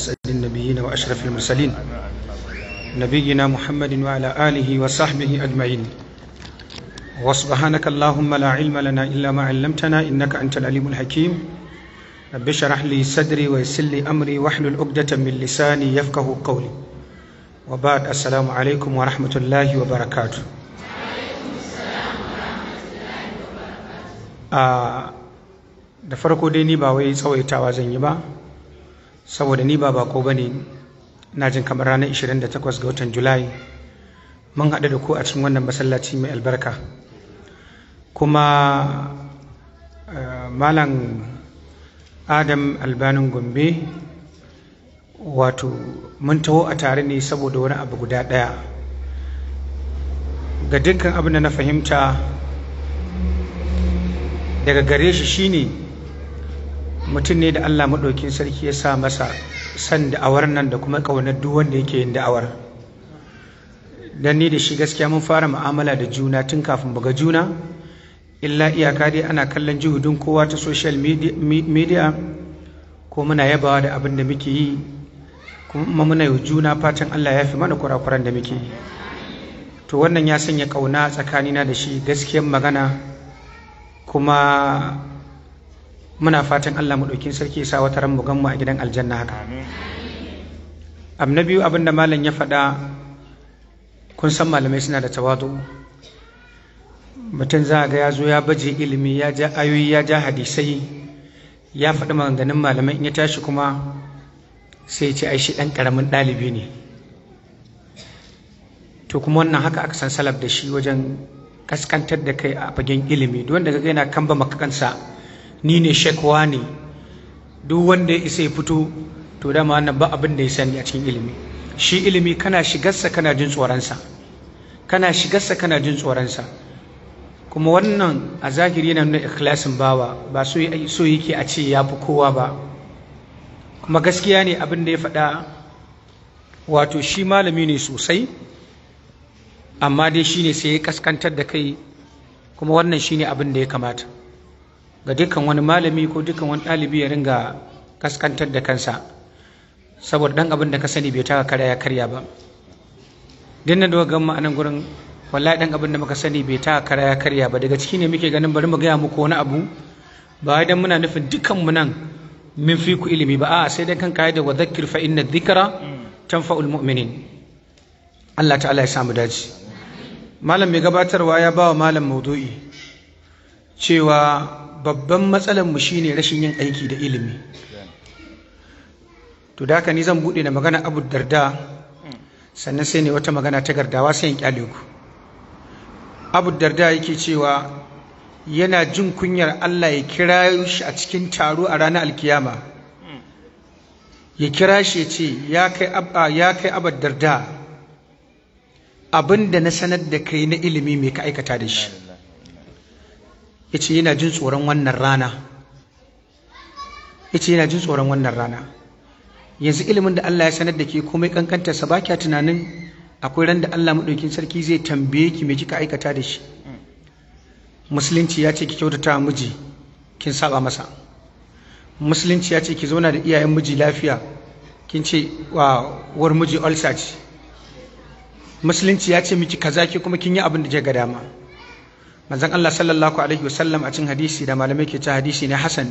سيد النبيين وأشرف المرسلين نبينا محمد وعلى آله وصحبه أجمعين وسبحانك اللهم لا علم لنا إلا ما علمتنا إنك أنت العليم الحكيم رب اشرح لي صدري ويسر لي أمري واحلل عقدة من لساني يفقه قولي وبعد السلام عليكم ورحمة الله وبركاته da farko dai ni ba wai tsawaitawa zan yi ba saboda ni ba bako ba ne na jin kamar ranar 28 ga watan julai mun haɗu da ku a cikin wannan masallaci mai albarka kuma eh, malam adam albanin gombe wato mun taho a tare ne saboda wani abu guda ɗaya ga dukkan abin da na fahimta daga gare shi shine mutum ne da Allah maɗaukin sarki ya sa masa san da'awar nan da kuma ƙaunar duk wanda yake yin da'awar Don ni da shi gaskiya mun fara mu'amala da juna tun kafin buga juna illa iyaka dai ana kallon juhudin kowa ta social media ko muna yabawa da abin da muke yi kuma muna yi juna fatan Allah ya fi mana kurakuran da muke yi to wannan ya sanya ƙauna tsakanina da shi gaskiyar magana kuma muna fatan Allah mu maɗaukin sarki sa wata ran mu gan a gidan aljanna haka abu na biyu abinda malam ya faɗa kun san malamai suna da tawadu mutum za ga ya zo ya baje ilimi ya ja ayoyi ya ja hadisai ya faɗi maganganun malamai in ya tashi kuma sai ce ai shi ɗan ƙaramin ɗalibi ne to kuma wannan haka aka san salaf da shi wajen kaskantar da kai a fagen ilimi duk wanda ga yana kamba makakansa ni ne shekwa ne duk wanda ya isa ya fito to dama wannan ba abin da ya sani a cikin ilimi shi ilimi kana shigarsa kana jin tsoronsa kana shigarsa kana jin tsoronsa kuma wannan a zahiri yana nuna ikhlasin bawa ba so yake a ce ya fi kowa ba kuma gaskiya ne abin da ya faɗa wato shi malami ne sosai amma dai shine sai ya kaskantar da kai kuma wannan shine abin da ya kamata ga dukkan wani malami ko dukkan wani ɗalibi ya ringa kaskantar da kansa saboda ɗan abin da ka sani bai taka karya ya karya ba dinnan da wa gama a nan gurin wallahi ɗan abin da muka sani bai taka kara ya karya ba daga ciki ne muke ganin bari mu gaya muku wani abu ba dan muna nufin dukan mu nan min fi ku ilimi ba a'a sai dai kan kai da dhakkir fa inna dhikra tanfa'ul mu'minin Allah ta'ala ya samu dace malam mai gabatarwa ya bawa malam maudu'i cewa babban matsalar mu shine rashin yin aiki da ilimi to da haka ni zan buɗe da magana abu darda sannan sai ne wata magana ta gardawa sai in kyale ku abu darda yake cewa yana jin kunyar Allah ya kira shi a cikin taro a ranar alkiyama ya kira shi ya ce ya kai abu darda abinda na sanar da kai na ilimi mai ka aikata da shi ce yana jin tsoron wannan rana ce yana jin tsoron wannan rana yanzu ilimin da Allah ya sanar da ke komai kankanta sa ba kya tunanin akwai ran da Allah maɗaukin sarki zai tambaye ki me kika aikata da shi musulunci ya ce ki kyautata miji kin saba masa musulunci ya ce ki zauna da iyayen miji lafiya kin ce wa war miji ulcer ce musulunci ya ce miki kaza ki kuma kin yi abin da ke ga dama manzon Allah sallallahu alaihi wasallam a cin hadisi da malamai ke ci hadisi ne Hassan.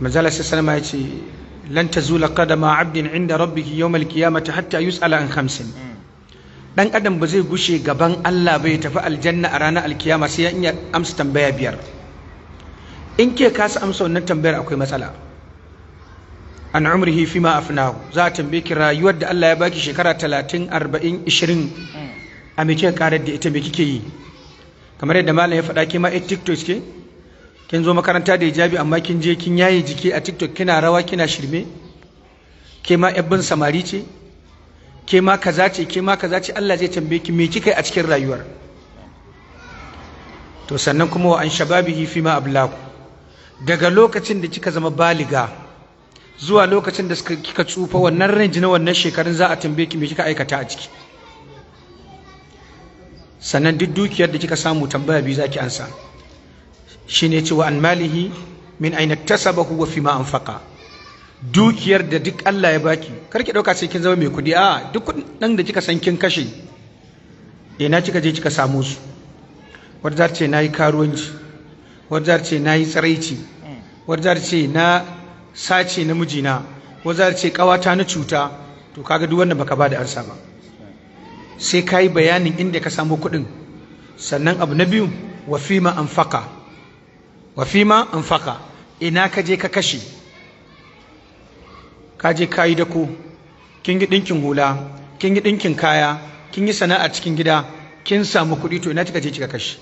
manzala sallama ya ce lan zula qadama abdin inda rabbih yawm alqiyamati hatta yus'ala an khamsin dan adam ba zai gushe gaban Allah bai tafi aljanna a ranar alkiyama sai ya iya amsa tambaya biyar in ke kasa amsa wannan tambayar akwai matsala an umrihi hifi ma afnahu za a tambaye ki rayuwar da Allah ya baki shekara 30 40 20 a me karar da ita me kike yi kamar yadda malam ya faɗa ke ma tiktok ke kin zo makaranta da hijabi amma kin je kin yayi jiki a tiktok kina rawa kina shirme ke ma samari ce ke ma kaza ce ke ma kaza ce Allah zai tambaye ki me kika yi a cikin rayuwar to sannan kuma wa an shababihi fi ma ablaku daga lokacin da kika zama baliga zuwa lokacin da kika tsufa wannan ranji na wannan shekarun za a tambaye ki me kika aikata a ciki sannan duk dukiyar da kika samu tambaya biyu zaki ansa shine cewa an malihi min aina tasabahu wa fima anfaqa dukiyar da duk Allah ya baki kar ki dauka sai kin zama mai kudi a duk kudin da kika san kin kashe ina kika je kika samu su wata zata ce nayi karuwanci wata zata ce nayi tsaraici wata zata ce na sace na wata zata ce kawata na cuta to kaga duk wannan baka ba da ansa ba sai ka yi bayanin inda ka samu kuɗin sannan abu na biyu wafima anfaka wafima faka ina ka je ka kashe ka je ka yi dako kin yi ɗinkin hula kin yi ɗinkin kaya kin yi sana'a cikin gida kin samu kuɗi to ina kika je kika kashe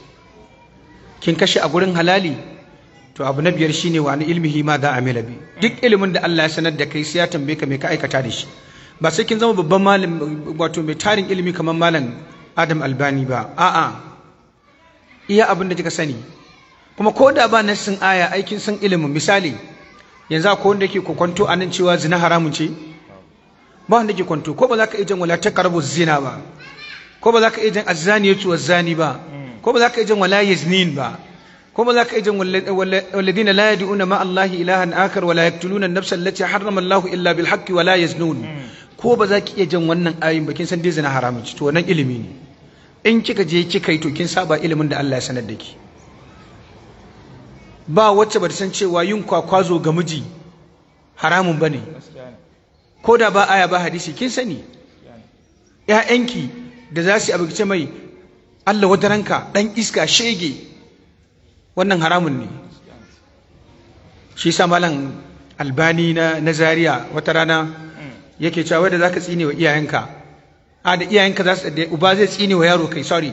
kin kashe a gurin halali to abu na biyar shine wani ni ilmihi ma za a bi duk ilimin da Allah ya sanar da kai sai ya tambaye ka me ka aikata da shi ba sai kin zama babban malam wato mai tarin ilimi kamar malam Adam Albani ba a'a iya abin da kika sani kuma ko da ba nassin aya aikin san ilimin misali yanzu akwai wanda yake kwanto anan cewa zina haramun ce ba wanda yake kwanto ko ba za ka iya jan wala taqrabu zina ba ko ba za ka iya jan azzaniyatu wazzani ba ko ba za ka iya jan wala yaznin ba ko ba za ka iya jan walladina la yad'una ma Allah ilahan akar wala yaqtuluna an-nafsa allati harrama Allah illa bil haqqi wala yaznun ko ba za ki iya jan wannan ayin ba kin san dai zina haramun ci to wannan ilimi ne in kika je kika yi to kin saba ilimin da Allah ya sanar da ki ba wacce ba ta san cewa yin kwakwazo ga miji haramun bane ko da ba aya ba hadisi kin sani ƴaƴanki da za su abuce mai Allah wata ranka dan iska shege wannan haramun ne shi sa malam albani na nazariya wata rana yake cewa da zaka tsine wa iyayenka a da iyayenka za su uba zai tsine wa yaro kai sorry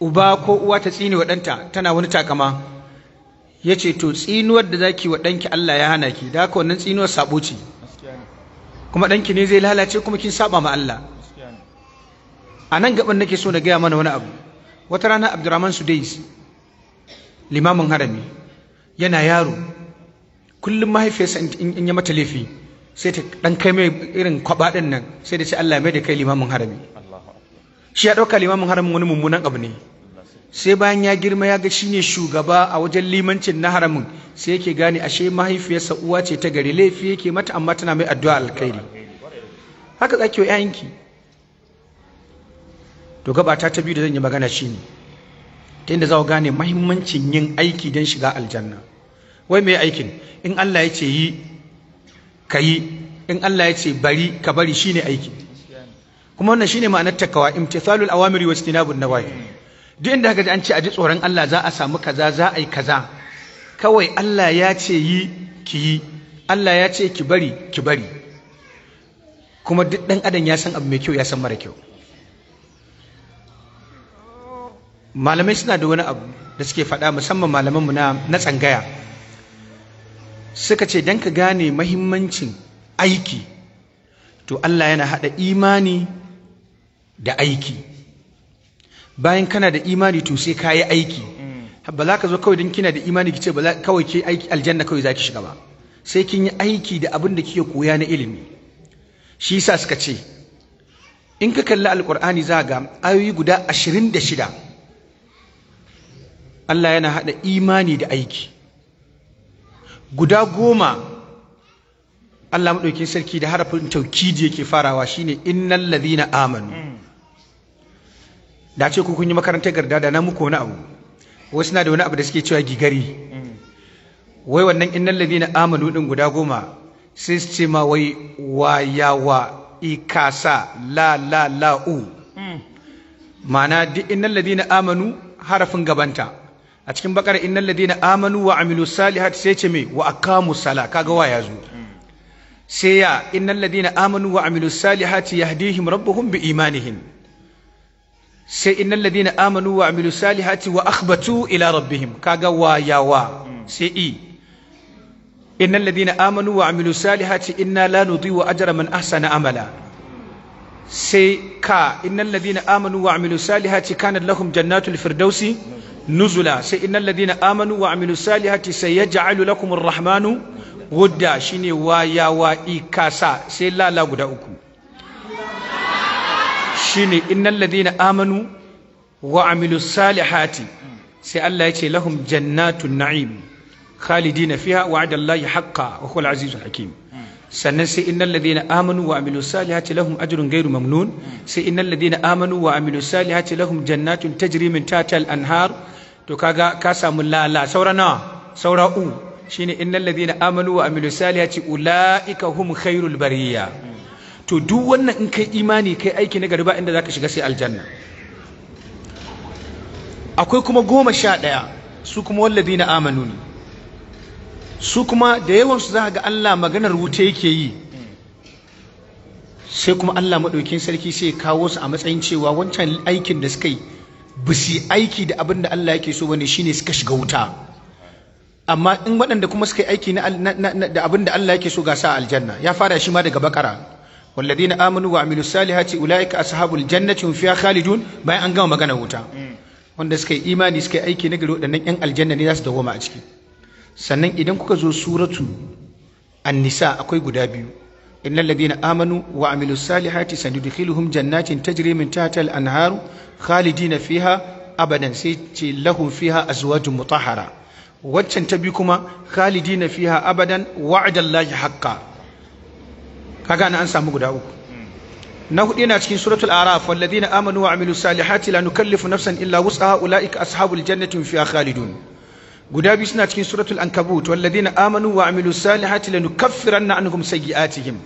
uba ko uwa ta tsine wa ɗanta tana wani takama ya ce to tsinuwar da za ki wa ɗanki Allah ya hana ki da haka wannan tsinuwar sabo ce kuma ɗanki ne zai lalace kuma kin saba ma Allah a nan gaban nake so na gaya mana wani abu wata rana Abdurrahman Sudais limamin harami yana yaro kullum mahaifiyarsa in ya mata laifi sai ta dan kai mai irin kwaba din nan sai da ce Allah mai da kai limamin harami shi ya dauka limamin haramin wani mummunan abu ne sai bayan ya girma ya ga shine shugaba a wajen limancin na haramin sai yake gane ashe mahaifiyarsa uwa ce ta gari laifi yake mata amma tana mai addu'a alkhairi haka zaki wa yayanki to gabata ta biyu da zan yi magana shine ta inda za ku gane mahimmancin yin aiki don shiga aljanna wai mai aikin in Allah ya ce yi ka yi in Allah ya ce bari ka bari shi ne aiki kuma wannan ne ma'anar takawa imtithalul awamiri wajtinabun nawahi duk inda kaga an ce a ji tsoron Allah za a samu kaza za a yi kaza kawai Allah ya ce yi ki yi Allah ya ce ki bari ki bari kuma duk dan adam ya san abu mai kyau ya san mara kyau malamai suna da wani abu da suke faɗa musamman malamanmu na na tsangaya suka ce don ka gane mahimmancin aiki to Allah yana haɗa imani da aiki bayan kana da imani to sai ka yi aiki mm. ba za ka zo kawai don kina da imani ki ce ba kawai ke aiki aljanna kawai za ki shiga ba sai kin yi aiki da abin da kike koya na ilimi shi yasa suka ce in ka kalli alkur'ani za ga ayoyi guda ashirin da shida Allah yana haɗa imani da aiki guda goma Allah maɗauki sarki da harafin taukidi yake farawa shine innal ladhina amanu da ce ku kun yi makarantar garda da na muku wani abu wasu na da wani abu da suke cewa gigari wai wannan innal ladhina amanu din guda goma sai su ce ma wai wayawa ikasa la la la'u hmm. ma'ana duk innal ladhina amanu harafin gabanta a cikin bakar innal ladina amanu wa amilu salihat sai ce me wa aqamu sala kaga wa yazo sai ya innal ladina amanu wa amilu salihati yahdihim rabbuhum bi imanihim sai innal ladina amanu wa amilu salihati wa akhbatu ila rabbihim kaga wa ya wa sai i innal ladina amanu wa amilu salihati inna la wa ajra man ahsana amala sai ka innal ladina amanu wa amilu salihati kanat lahum jannatul firdausi nuzula sai innal ladina amanu wa amilus salihati sayaj'alu lakumur rahmanu wadda shine waya wa ikasa sai lala guda uku shine innal ladina amanu wa amilus salihati sai Allah yace lahum jannatun na'im khalidina fiha wa'adallahi haqqan wa huwal azizul hakim sannan sai innal ladina amanu wa amilu salihati lahum ajrun Gairu mamnun sai innal ladina amanu wa amilu salihati lahum jannatun tajri min tahtiha al-anhar to kaga ka samu lala saura nawa saura u shine innal ladina amanu wa amilu salihati ulaika hum khairul bariya to duk wannan in kai imani kai aiki na gari ba inda zaka shiga sai aljanna akwai kuma goma sha ɗaya su kuma walladina amanu ne su kuma da yawansu za ga Allah maganar wuta yake yi sai kuma Allah maɗaukin sarki sai kawo su a matsayin cewa wancan aikin da suka yi ba su aiki da abin da Allah yake so ba ne shi ne suka shiga wuta amma in waɗanda kuma suka yi aiki da abin da Allah yake so ga sa aljanna ya fara shi ma daga bakara walladina amanu wa amilu salihati ulaika ashabul jannati hum fiha khalidun bayan an gama magana wuta mm. wanda suka yi imani suka yi aiki na gari waɗannan 'yan aljanna ne za su dawoma a ciki sannan idan kuka zo suratu an akwai guda biyu innal ladina amanu wa amilus salihati sanudkhiluhum jannatin tajri min tahtiha al-anharu khalidina fiha abadan sai ce lahum fiha azwajun mutahhara waccan ta bi kuma khalidina fiha abadan wa'dallahi haqqan kaga an samu guda uku na hudu yana cikin suratul araf walladina amanu wa amilus salihati la nukallifu nafsan illa wus'aha ulaika ashabul jannati fiha khalidun guda biyu suna cikin suratul ankabut walladhina amanu wa amilu salihati anhum sayyi'atihim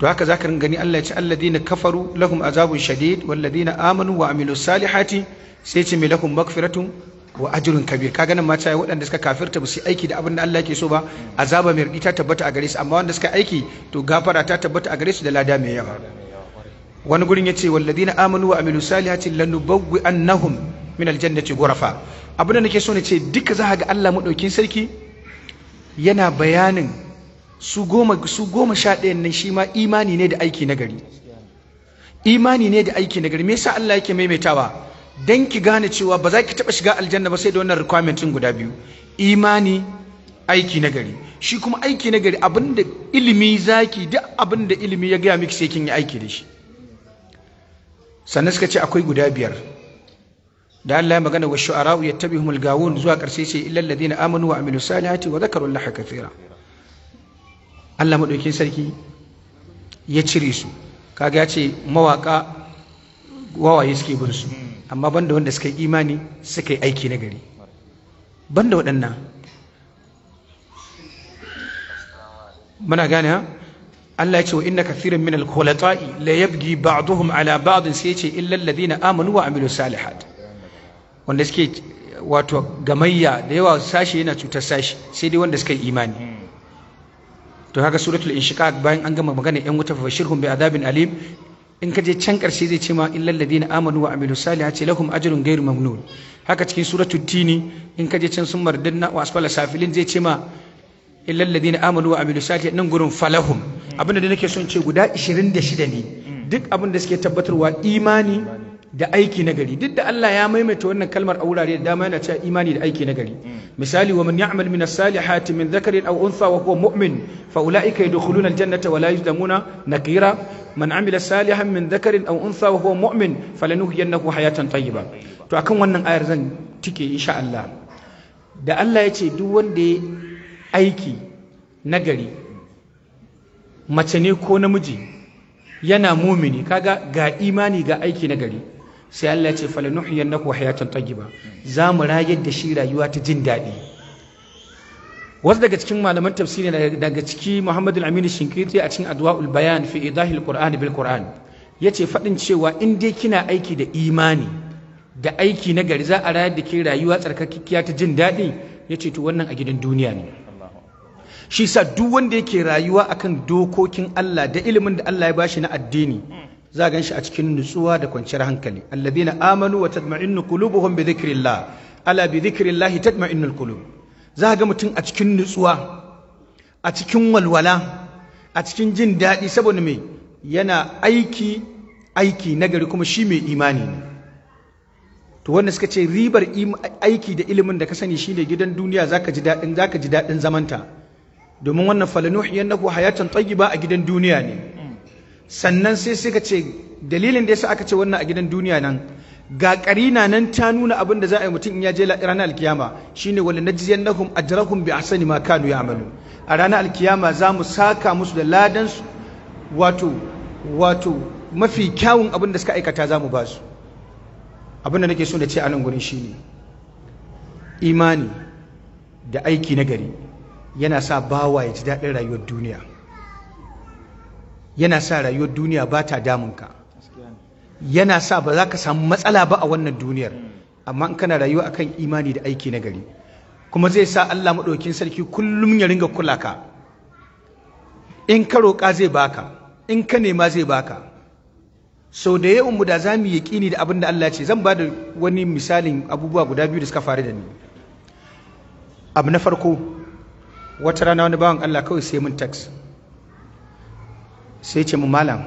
to haka zaka gani Allah ya ce alladina kafaru lahum azabun shadid walladina amanu wa amilu salihati sai ce mai lahum magfiratun wa ajrun kabir kaga nan mata waɗanda suka kafirta ba su aiki da abin da Allah yake so ba azaba mai ridi ta tabbata a gare su amma wanda suka aiki to gafara ta tabbata a gare su da lada mai yawa wani gurin ya ce, walladina amanu wa amilu salihati lanubawwi annahum min aljannati ghurafa abin da nake so na ce duka za ga Allah madaukin sarki yana bayanin su goma su goma sha ɗaya nan shi ma imani ne da aiki na gari imani ne da aiki na gari me yasa Allah yake maimaitawa dan ki gane cewa ba za ki taɓa shiga aljanna ba sai da wannan requirement guda biyu imani aiki na gari shi kuma aiki na gari abinda ilimi zaki duk abinda ilimi ya gaya miki sai kin yi aiki da shi sannan suka ce akwai guda biyar da Allah ya magana wa shu'ara'u yattabi'uhumul gawun zuwa karshe sai illal ladina amanu wa amilus salihati wa zakaru Allah kathira Allah madaukin sarki ya cire su kaga ya ce mawaka wawaye suke bin su amma banda wanda suka yi imani suka yi aiki na gari banda waɗannan muna gane ha Allah ya ce wa inna kathirin min al-khulata'i la yabghi ba'dhum ala ba'd sai ce illal alladhina amanu wa amilu salihat wanda suke wato gamayya da yawa sashi yana cutar sashi sai dai wanda suka yi imani to haka suratul inshiqaq bayan an gama magana yan wuta fa bashirhum bi adabin alim in ka je can ƙarshe zai ce ma illal ladina amanu wa amilu salihati lahum ajrun ghairu mamnun haka cikin suratul tini in ka je can sun mardanna wa asfala safilin zai ce ma illal ladina amanu wa amilu salihati nan gurin falahum abinda da nake son ce guda 26 ne duk abin da suke tabbatarwa imani da aiki nagari duk da Allah ya maimaita wannan kalmar a wurare da dama yana cewa imani da aiki nagari mm. misali wa man ya'mal min as-salihati min dhakarin aw untha wa huwa mu'min fa ulaika yadkhuluna al-jannata wa la yuzlamuna nakira man amila salihan min dhakarin aw untha wa huwa mu'min falanuhyiyannahu hayatan tayyiba to akan wannan ayar zan tike insha Allah da Allah ya ce duk wanda ya aiki nagari mace ne ko namiji yana mumini kaga ga imani ga aiki nagari sai Allah ya ce falanuhiyannahu hayatan tayyiba za mu rayar da shi rayuwa ta jin daɗi wasu daga cikin malaman tafsiri daga ciki Muhammadu Aminu Shinkiti a cikin Adwa'ul Bayan fi idahil Qur'an bil Qur'an yace fadin cewa in dai kina aiki da imani da aiki na gari za a rayar da ke rayuwa tsarkakkiya ta jin daɗi yace to wannan a gidan duniya ne shi sa duk wanda yake rayuwa akan dokokin Allah da ilimin da Allah ya bashi na addini za gan shi a cikin nutsuwa da kwanciyar hankali alladina amanu wa tatma'innu qulubuhum bi dhikrillah ala bi dhikrillah tatma'innul qulub za ga mutum a cikin nutsuwa a cikin walwala a cikin jin daɗi saboda me yana aiki aiki nagari kuma shi mai imani ne to wanda suka ce ribar aiki da ilimin da ka sani shine gidan duniya zaka ji daɗin zaka ji daɗin zamanta domin wannan falanuhiyannahu hayatan tayyiba a gidan duniya ne sannan sai suka ce dalilin da yasa aka ce wannan a gidan duniya nan ga karina nan ta nuna abin da za a yi mutum in ya je ranar alkiyama shine wala nahum ajrahum bi ahsani ma kanu ya'malu a ranar alkiyama za mu saka musu da ladan su wato wato mafi kyawun abin da suka aikata za mu ba su abin da nake so na ce a nan gurin shine imani da aiki na gari yana sa bawa ya ji daɗin rayuwar duniya yana sa rayuwar duniya ba ta damunka yana sa ba za ka samu matsala ba a wannan duniyar amma in kana rayuwa akan imani da aiki na gari kuma zai sa Allah maɗaukin sarki kullum ya ringa kula ka in ka roƙa zai baka in ka nema zai baka sau da yawan mu da za mu ƙini da abin da Allah ce zan ba da wani misalin abubuwa guda biyu da suka faru da ni abu na farko wata rana wani bawan Allah kawai sai mun tax sai ce mu malam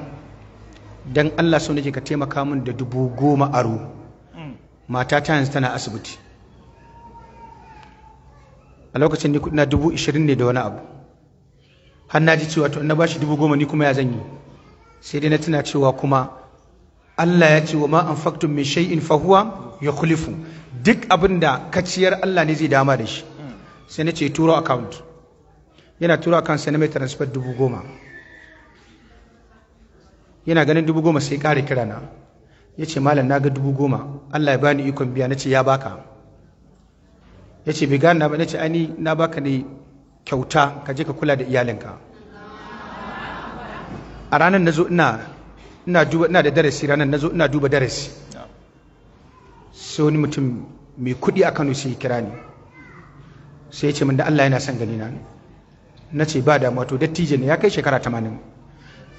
dan Allah so nake ka taimaka min da dubu goma aro mm. mata ta yanzu tana asibiti a lokacin ni na dubu ishirin ne da wani abu har na ji cewa to na bashi dubu goma ni kuma ya zan yi sai dai na tuna cewa kuma Allah ya ce wa ma mai min shay'in fa huwa yukhlifu duk abin da kaciyar Allah ne zai dama da shi mm. sai na ce turo account yana turo account sai na mai transfer dubu goma yana ganin dubu goma sai kare kira na ya ce malam na ga dubu goma allah ya bani ikon biya na ce ya baka ya ce bigan na ba na ce ani na baka ne kyauta ka je ka kula da iyalinka a ranar na zo ina da darasi ranar na zo ina duba darasi sai wani mutum mai kuɗi a kano sai kira ni sai ya ce min da allah yana son gani na na ce ba damuwa to dattijo ne ya kai shekara tamanin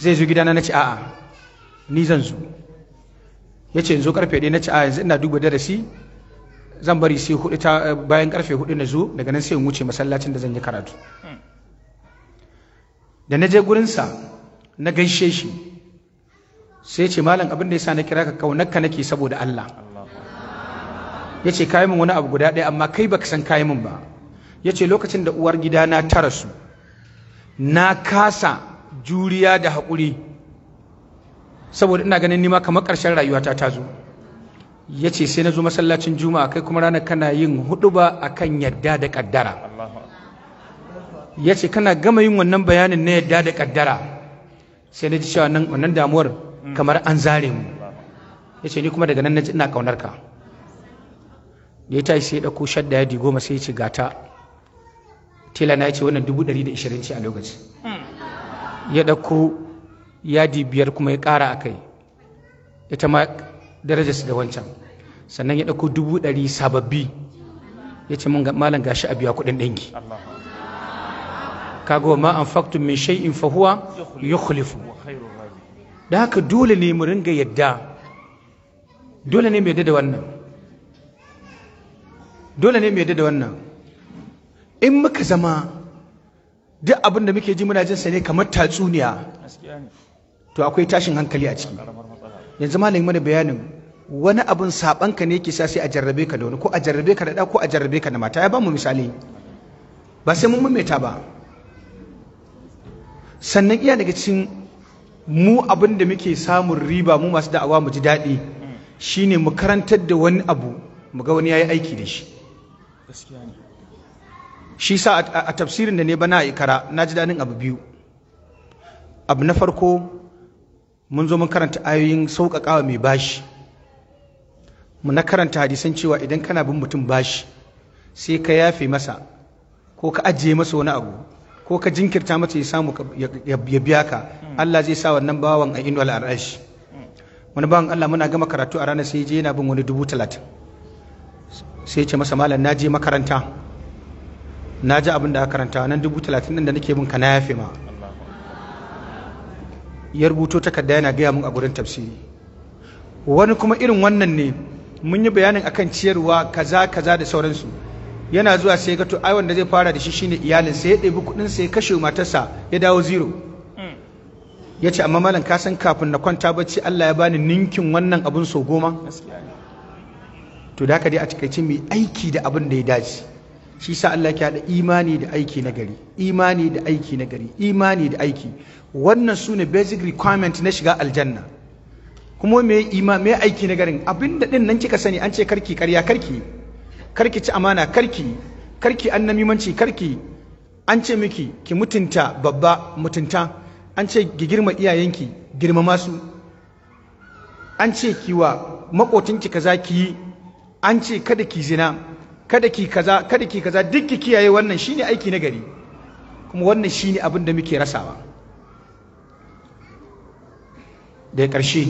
zai zo gidana na ci a'a ni zan zo ya ce yanzu karfe ɗaya na ci a yanzu ina duba darasi zan bari sai hudu ta bayan karfe hudu na zo daga nan sai in wuce masallacin da zan yi karatu da na je gurinsa na gaishe shi sai ce malam abin da yasa na kira ka nakka nake saboda Allah ya ce kayi min wani abu guda ɗaya amma kai baka san kayi min ba ya ce lokacin da uwar na ta rasu na kasa juriya da haƙuri saboda ina ganin nima kamar ƙarshen rayuwata ta zo ya ce sai na zo masallacin juma'a kai kuma ranar kana yin ba a kan yadda da ƙaddara ya ce kana gama yin wannan bayanin na yadda da ƙaddara sai na ji cewa wannan damuwar kamar an zare mu ya ce ni kuma daga nan na ji ina ƙaunar ka ya ta yi sai ya ɗauko shadda ya goma sai ya ce gata tela na ya ce wannan dubu ɗari da ishirin ce a lokaci ya ɗauko yadi biyar kuma ya ƙara a kai ita ma darajarsu da wancan sannan ya ɗauko dubu ɗari sababbi ya ce mun malam gashi a biya kuɗin ɗanki kaga ma an faktun min shay'in fa huwa yukhlifu da haka dole ne mu ringa yadda dole ne mu yadda da wannan dole ne mu yadda da wannan in muka zama duk abin da muke ji muna jinsa ne kamar tatsuniya to akwai tashin hankali a ciki yanzu ma malamin mana bayanin wani abin sabanka ne ke sa sai a jarrabe ka da wani ko a jarrabe ka da ɗa ko a jarrabe ka da mata ya ba mu misali ba sai mun mummeta ba sannan iya daga cikin mu abin da muke samun riba mu masu da'awa mu ji daɗi hmm. shine mu karantar da wani abu mu ga wani ya yi aiki da shi shi sa a tafsirin da ne bana a ikara na ji daɗin abu biyu abu na farko mun zo mun karanta ayoyin sauƙaƙawa mai bashi mu na karanta hadisan cewa idan kana bin mutum bashi sai ka yafe masa ko ka ajiye masa wani abu ko ka jinkirta masa ya samu ya biya ka Allah zai sa wannan bawan a inuwal al'arshi wani bawan Allah muna gama karatu a ranar sai je yana bin wani dubu talatin sai ce masa malam na je makaranta na ji abin da aka karanta nan dubu talatin ɗin da nake bin ka na yafe ma ya rubuto takarda yana gaya mun a gurin tafsiri wani kuma irin wannan ne mun yi bayanin akan ciyarwa kaza kaza da sauransu yana zuwa sai ga to ai wanda zai fara da shi shine iyalin sai ya ɗebi kuɗin sai ya kashe matarsa ya dawo zero ya ce amma malam ka san kafin na kwanta bacci Allah ya bani ninkin wannan abun so goma to da haka dai a cikakken mai aiki da abin da ya dace shi sa Allah ke haɗa imani da aiki na gari imani da aiki na gari imani da aiki wannan su ne basic requirement na shiga aljanna kuma me ima me aiki na garin abinda ɗin nan kika sani an ce karki karya karki karki ci amana karki karki annamimanci karki an ce miki ki mutunta babba mutunta an ce ki girma iyayenki girmama su an ce kiwa makotinki kaza ki yi an ce kada ki zina kada ki kaza kada ki kaza duk ki kiyaye wannan shine aiki na gari kuma wannan shine abin da muke rasawa da ƙarshe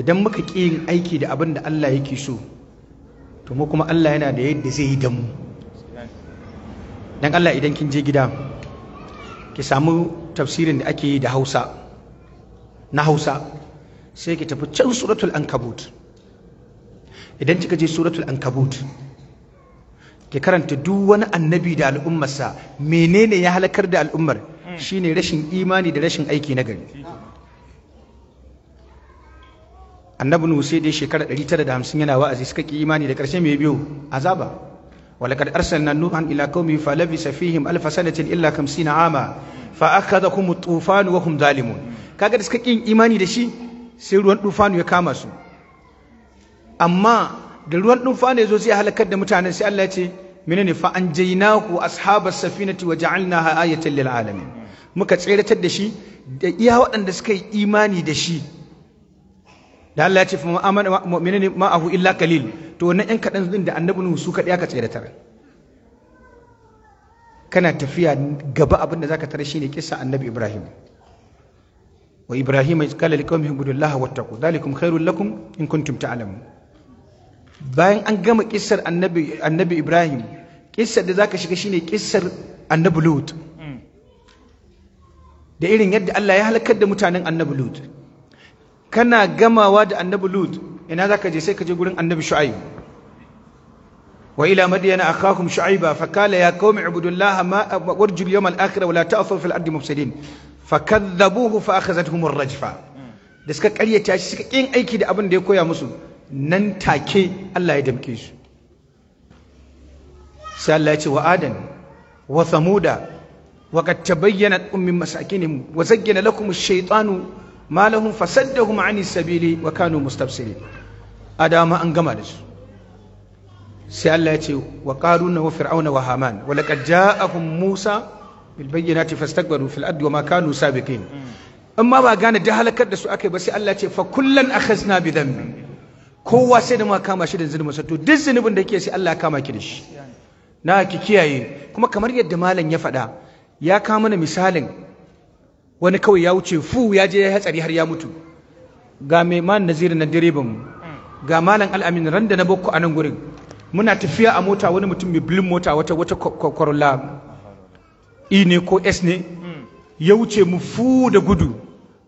idan muka ƙi yin aiki da abin da Allah yake so to mu kuma Allah yana da yadda zai yi da mu dan Allah idan kin je gida ki samu tafsirin da ake yi da Hausa na Hausa sai ki tafi can suratul ankabut idan kika je suratul ankabut ki karanta duk wani annabi da al'ummarsa menene ya halakar da al'ummar shine rashin imani da rashin aiki na gari annabi nuhu sai dai shekara 950 yana wa'azi suka ki imani da karshe mai biyo azaba walaqad arsalna nuhan ila qaumi falabisa fihim alf sanatin illa 50 ama fa akhadhahum at-tufan wa hum zalimun kaga da suka ki imani da shi sai ruwan tufanu ya kama su amma da ruwan ɗumfa ne zo sai halakar da mutanen sai Allah ya ce mene ne fa an jaina anjaynahu ashabas safinati wa ja'alnaha ayatan lil alamin muka tseratar da shi da iya waɗanda suka yi imani da shi da Allah ya ce fa amana ma ma'ahu illa kalil to wannan ɗan kaɗan din da annabi Nuhu su kaɗai aka tseratar kana tafiya gaba abin da zaka tare shine kissa annabi Ibrahim wa Ibrahim qala liqaumihi ibudullaha wattaqu dhalikum khairul lakum in kuntum ta'lamun bayan an gama kissar annabi ibrahim kissar da ka shiga shine kissar annabi lut da irin yadda Allah ya halakar da mutanen annabi lut kana gamawa da annabi lut ina ka je sai ka je gurin annabi shu'aib wa ila madyana akhahum shu'aiba fa qala ya qaumi ibudullaha ma warjul yawmal akhir wa la ta'fu fil ardi mufsidin fa ar-rajfa da suka karyata shi suka ƙin aiki da abin da ya koya musu nan take Allah ya damke su sai Allah ya ce wa adan wa thamuda wa qad tabayyanat ummin masakinihim wa zayyana lakum ash-shaytanu ma lahum fasaddahum 'ani sabili wa kanu mustabsirin adama an gama da su sai Allah ya ce wa qaruna wa fir'auna wa haman wa laqad ja'akum musa bil bayyinati fastakbaru fil ardi wa ma kanu sabiqin amma ba gane da halakar da su akai ba sai Allah ya ce fa kullan akhazna bi dhanbi kowa sai da ma kama shi da zunubin sa to duk zunubin da ke sai Allah kama ki da shi na ki kiyaye kuma kamar yadda malam ya faɗa ya kama mana misalin wani kawai ya wuce fu ya je ya hatsari har ya mutu ga mai man nazirin na direban mu ga malam al'amin ran da na bakku a nan gurin muna tafiya a mota wani mutum mai bulin mota wata wata kwarola e ne ko s ne ya wuce mu fu da gudu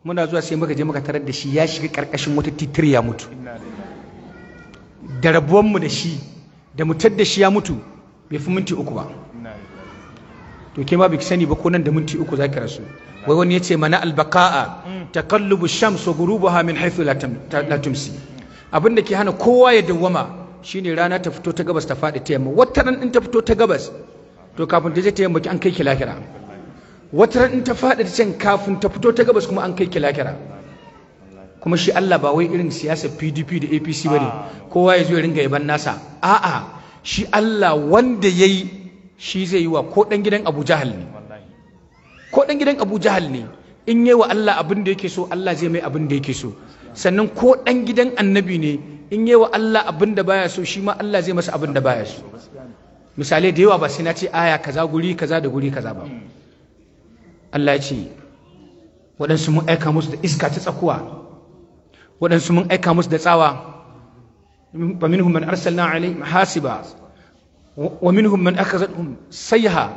muna zuwa sai muka je muka tarar da shi ya shiga karkashin wata titir ya mutu da rabuwanmu da shi da mutar da shi ya mutu bai fi minti uku ba to ke ma biki sani ba ko nan da minti uku za zaki rasu wai wani ya ce mana albaqa'a taqallubu shams wa ghurubuha min haythu latumsi. abinda ke hana kowa ya dawwama shine rana ta fito ta gabas ta faɗi ta yamma wata ran in ta fito ta gabas to kafin ta je ta yamma an kai ki lahira wata ran in ta faɗi ta kafin ta fito ta gabas kuma an kai ki lahira kuma shi Allah ba wai irin siyasar PDP da APC ba ne ah. kowa ya zo ya ringa yaban nasa a'a shi Allah wanda yayi shi zai yi wa ko dan gidan Abu Jahal ne ko dan gidan Abu Jahal ne in yayi wa Allah abin da yake so Allah zai mai abin da yake so sannan ko dan gidan annabi ne in yayi wa Allah abin da baya so shi ma Allah zai masa abin da baya so misalai da yawa ba sai na ce aya kaza guri kaza da guri kaza ba hmm. Allah ya ce waɗansu mun aika musu da iska ta tsakuwa waɗansu mun aika musu da tsawa fa minhum man arsalna alaihim hasiba wa minhum man akhazathum sayha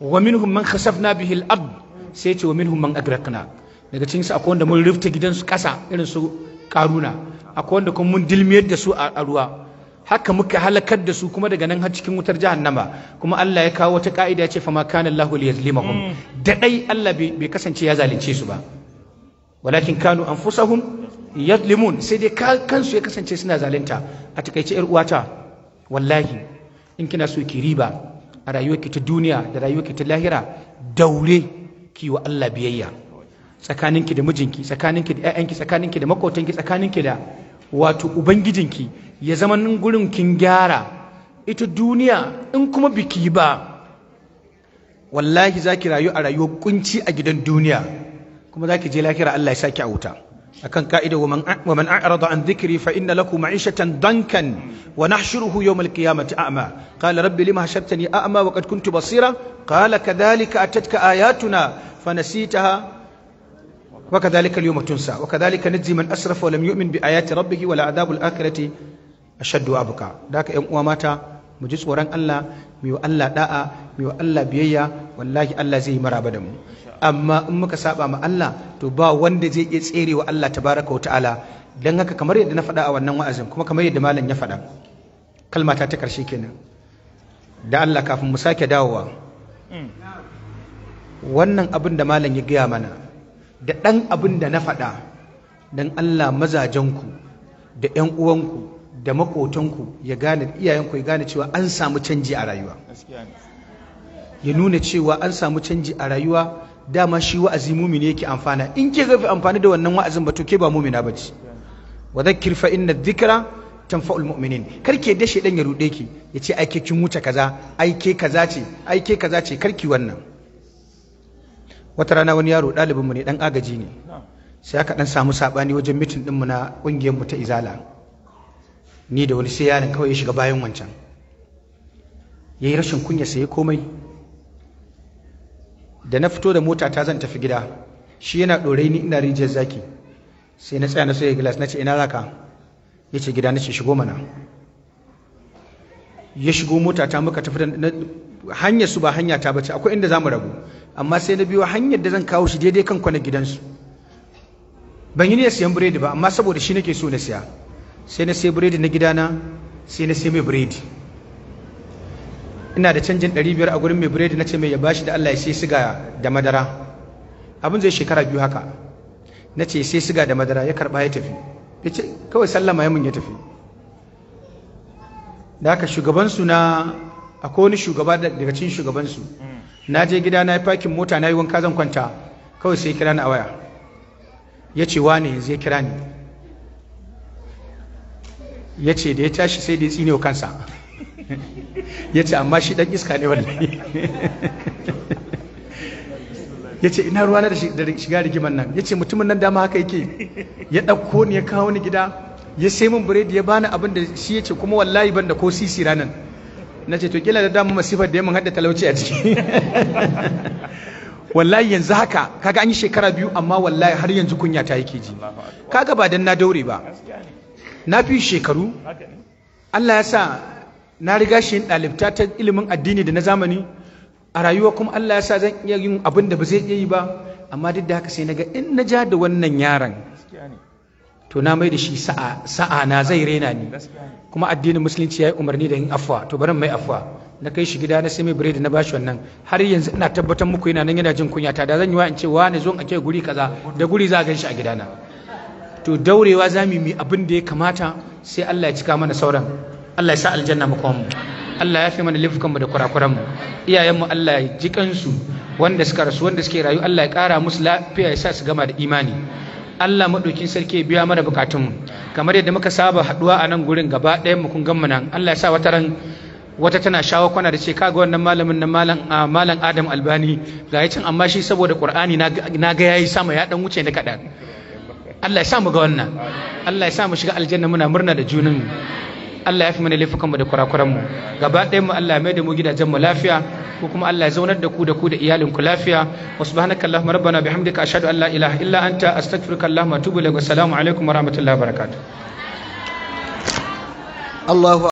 wa minhum man khasafna bihi al-ard sai ce wa minhum man agraqna daga cikin su akwai wanda mun rufta gidansu kasa irin su karuna akwai wanda kuma mun dilmiyar da su a ruwa haka muka halakar da su kuma daga nan har cikin wutar jahannama kuma Allah ya kawo wata ka'ida ya ce fama kana Allahu liyazlimahum mm. da dai Allah bai kasance ya zalunce su ba walakin kanu anfusahum yadlimun sai dai kansu ya kasance suna zalunta a takaice yar uwata wallahi in kina so ki riba a rayuwarki ta duniya da rayuwarki ta lahira daure ki wa Allah biyayya tsakaninki da mijinki tsakaninki da ƴaƴanki tsakaninki da makotanki tsakaninki da wato ubangijinki ya zama nan gurin kin gyara ita duniya in kuma biki ba wallahi zaki rayu a rayuwar kunci a gidan duniya kuma zaki je lahira Allah ya saki a wuta akan ka'ida wa man a'rada an dhikri fa inna lahu ma'ishatan dankan wa nahshuruhu yawm al-qiyamati a'ma qala rabbi lima hashabtani a'ma wa qad kuntu basira qala kadhalika atatka ayatuna fanasitaha wa kadhalika al-yawma tunsa wa kadhalika najzi man asrafa wa lam yu'min bi ayati rabbih wa la adhabu al-akhirati ashaddu abqa daka yan uwa mata mu ji tsoron Allah mu Allah da'a mu Allah biyayya wallahi Allah zai yi maraba da mu amma in muka saba ma Allah to ba wanda zai iya tserewa Allah tabaraka wa ta'ala dan haka kamar yadda na faɗa a wannan wa'azin kuma kamar yadda malam ya faɗa kalmata ta karshe kenan da Allah kafin mu sake dawowa wannan abin da malam ya gaya mana da ɗan abin da na faɗa dan Allah mazajenku da 'yan uwanku da makotanku ya gane iyayenku ya gane cewa an samu canji a rayuwa ya nuna cewa an samu canji a rayuwa dama shi wa'azi mumini yake amfana in ke gafi amfani da wannan wa'azin ba to ke ba mumina ba ce wa dhakkir fa inna dhikra tanfa'ul mu'minin kar ke dashe dan ya rude ki ya ce ai ke kin wuce kaza ai kaza ce ai kaza ce kar ki wannan wata rana wani yaro ɗalibin ne dan agaji ne sai aka ɗan samu saɓani wajen mitin ɗinmu na kungiyar mu ta izala ni da wani sai kawai ya shiga bayan wancan ya yi rashin kunya sai komai da na fito da mota ta zan tafi gida shi yana ɗorai ni ina rijiyar zaki sai na tsaya na soya gilas na ce ina raka ya ce gida na ce shigo mana ya shigo mota ta muka tafi hanyar su ba hanya ta bace akwai inda za mu rabu amma sai na biyo hanyar da zan kawo shi daidai kan kwana gidansu ban yi niyyar siyan biredi ba amma saboda shi nake so na siya sai na sai biredi na gidana sai na sai mai biredi ina da canjin 500 a gurin mai biredi na ce mai ya bashi da Allah ya sai siga da madara abin zai shekara biyu haka na ce sai siga da madara ya karba ya tafi ya ce kawai sallama ya mun ya tafi da haka shugabansu na akwai wani shugaba daga cikin shugabansu na je gida na yi fakin mota na yi wanka zan kwanta kawai sai kira ni a waya ya ce wane yanzu ya kira ni ya ce da ya tashi sai da ya wa kansa ya ce amma shi dan iska ne wallahi ya ce ina ruwa da shiga rigiman nan ya ce mutumin nan dama haka yake ya ɗauko ni ya kawo ni gida ya sai min biredi ya bani abin da shi ya ce kuma wallahi ban da ko sisi ranan na ce to kila da dama masifar da ya mun hada talauci a ciki wallahi yanzu haka kaga an yi shekara biyu amma wallahi har yanzu kunya ta yake ji kaga ba dan na daure ba na fi shekaru Allah ya sa na riga shi ɗalibta ta ilimin addini da na zamani a rayuwa kuma Allah ya sa zan iya yin abin da ba zai iya yi ba amma duk da haka sai na ga in na ja da wannan yaron to na mai da shi sa'a na zai rena ni kuma addinin musulunci ya yi umarni da yin afwa to barin mai afwa na kai shi gida na sai mai biredi na bashi wannan har yanzu ina tabbatar muku yana nan yana jin kunya ta da zan yi wa in ce wa ne zo in ake guri kaza da guri za a gan shi a gidana to daurewa za mu yi abin da ya kamata sai Allah ya cika mana sauran Allah ya sa aljanna mu mu Allah ya fi mana laifukanmu da kurakuranmu iyayenmu Allah ya ji kansu wanda suka rasu wanda suke rayu Allah ya kara musu lafiya ya sa su gama da imani Allah madaukin sarki ya biya mana bukatunmu kamar yadda muka saba haɗuwa a nan gurin gaba ɗayan mu kun nan Allah ya sa wata ran wata tana shawo kwana da ce kaga wannan malamin na malam malam Adam Albani ga ya amma shi saboda Qur'ani na ga yayi sama ya dan wuce ni kaɗan Allah ya sa mu ga wannan Allah ya sa mu shiga aljanna muna murna da junan Allah ya fi mana laifukan mu da kurakuran mu gaba ɗayan mu Allah ya mai da mu gidajen mu lafiya ko kuma Allah ya zaunar da ku da ku da iyalin ku lafiya wa subhanaka allahumma rabbana bihamdika ashhadu an la ilaha illa anta astaghfiruka allahumma wa atubu ilaik wa assalamu alaikum wa rahmatullahi wa barakatuh